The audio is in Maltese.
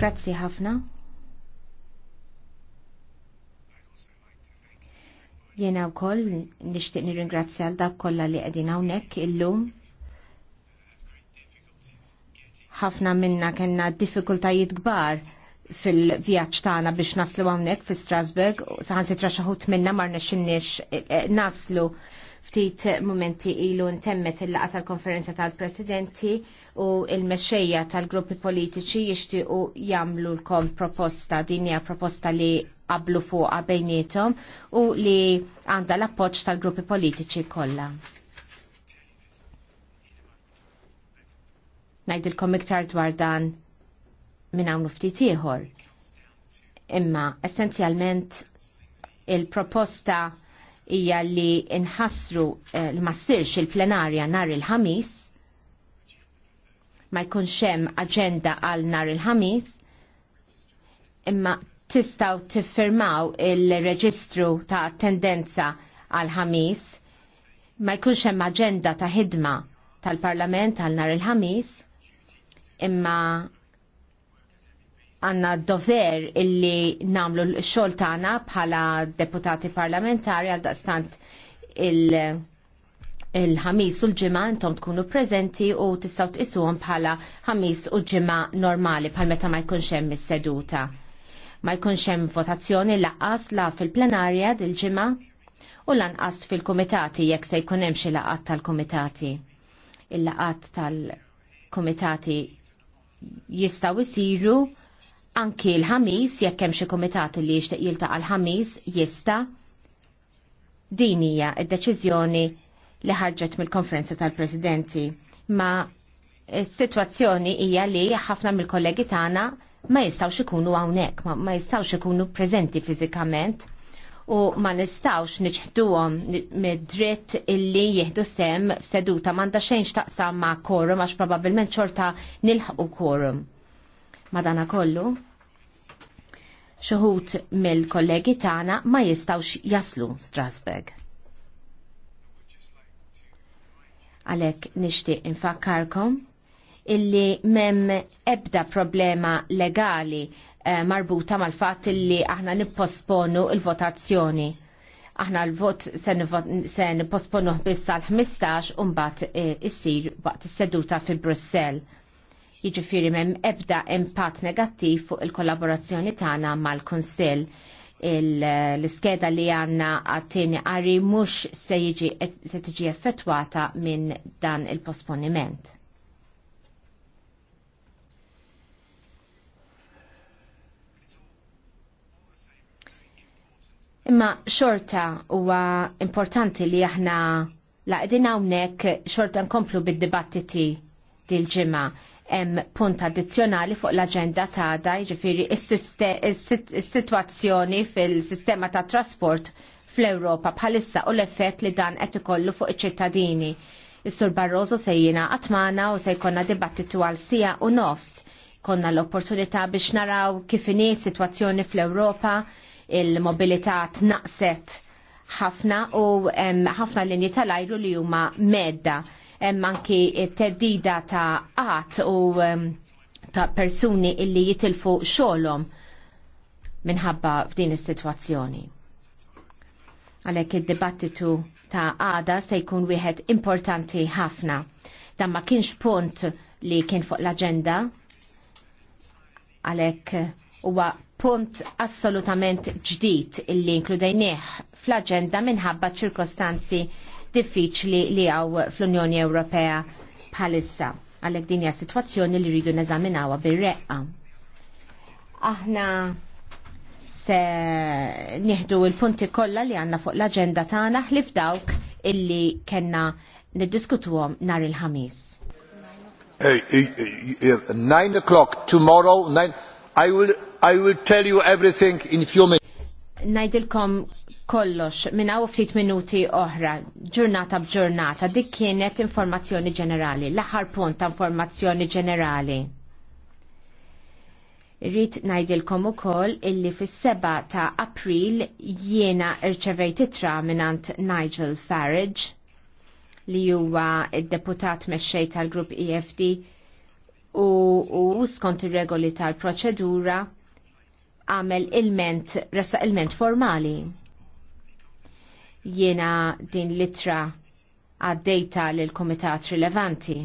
Grazzi ħafna. Jena u koll nishtiq nir għal dak kolla li qegħdin hawnhekk illum. Ħafna minna kena diffikultajiet kbar fil-vjaċ tagħna biex naslu hawnhekk fi Strasburg, saħansitra xi ħut minna ma rnexxinniex eh, eh, naslu. Ftit momenti ilu ntemmet il-laqa tal-konferenza tal-presidenti u il-mexxejja tal-gruppi politiċi jixtiequ jagħmlu lkom proposta din hija proposta li qablu fuqha bejnietom u li għandha l-appoġġ tal-gruppi politiċi kollha. najdilkom iktar dwar dan minn hawn ftit ieħor. Imma essenzjalment il-proposta hija li nħassru eh, li ma ssirx il-plenarja nhar il-ħamis, ma jkunx hemm aġenda għal nhar il-ħamis, imma tistaw tiffirmaw il-reġistru ta' tendenza għal ħamis, ma jkunx hemm aġenda ta' ħidma tal-Parlament għal nhar il-ħamis, imma għanna dover illi namlu l-xol tagħna bħala deputati parlamentari għal daqstant il-ħamis il u l-ġimgħa intom tkunu preżenti u tistgħu tqisuhom bħala ħamis u ġimgħa normali bħal meta ma jkunx hemm is-seduta. Ma jkunx hemm votazzjoni laqas la fil-plenarja dil-ġimgħa u lanqas fil-kumitati jekk se jkun hemm xi laqat tal-kumitati. Il-laqat tal-kumitati jistgħu isiru anki l-ħamis, jekk hemm xi komitat li jixtieq jiltaqa' l-ħamis, jista' din hija d-deċiżjoni li ħarġet mill-konferenza tal-presidenti. Ma eh, s-sitwazzjoni hija li ħafna mill-kollegi tagħna ma jistawx ikunu hawnhekk, ma, ma jistawx ikunu preżenti fiżikament u ma nistawx niċħduhom mid-dritt illi jieħdu sem f'seduta m'għandha xejn x'taqsam ma' korum għax probabbilment xorta nilħqu korum. Madana kollu, xoħut mill-kollegi tagħna ma jistawx jaslu Strasberg. Għalek nishtiq infakkarkom illi mem ebda problema legali eh, marbuta mal-fat illi aħna nipposponu il-votazzjoni. Aħna l-vot se nipposponu bis sal-15 un bat eh, issir waqt is-seduta fi Brussell jiġifieri m'hemm ebda impatt negattiv fuq il-kollaborazzjoni tagħna mal-Kunsill l-iskeda li għanna għattini għari mux e- se tiġi effettwata minn dan il-posponiment. Imma xorta huwa importanti li aħna laqdina hawnhekk xorta nkomplu bid-dibattiti dil-ġimgħa hemm punt addizzjonali fuq l-aġenda għada, jiġifieri is-sitwazzjoni fil-sistema ta' trasport fl-Ewropa bħalissa u l-effett li dan qed ikollu fuq iċ-ċittadini. Is-Sur Barroso se għatmana u se jkollna dibattitu għal sija u nofs. Konna l-opportunità biex naraw kif inhi s-sitwazzjoni fl-Ewropa, il-mobilità tnaqset ħafna u ħafna linji tal-ajru li huma medda hemm anki teddida ta' qatt u ta' persuni illi jitilfu xogħolhom minħabba f'din is-sitwazzjoni. Għalhekk id-dibattitu ta' għada se jkun wieħed importanti ħafna. Dan ma kienx punt li kien fuq l agenda għalhekk huwa punt assolutament ġdid illi inkludejnieh fl-aġenda minħabba ċirkostanzi diffiċli li għaw fl-Unjoni Ewropea bħalissa għalek dinja situazzjoni li rridu neżaminawa bil-reqqa. Aħna se nieħdu il-punti kollha li għanna fuq l-agenda tagħna ħlif dawk illi kenna niddiskutuhom nar il-ħamis. 9 o'clock tomorrow, nine, I will I will tell you everything in a few minutes. Najdilkom kollox minn għaw ftit minuti oħra, ġurnata bġurnata, dik kienet informazzjoni ġenerali, l-aħħar punt ta' informazzjoni ġenerali. Rrit najdilkom u koll illi fis-7 ta' April jiena irċevejt itra minnant Nigel Farage li huwa id-deputat mexxej tal-grupp EFD u, u skont ir-regoli tal-proċedura għamel ilment, ressa ilment formali jiena din litra għaddejta lill kumitat rilevanti.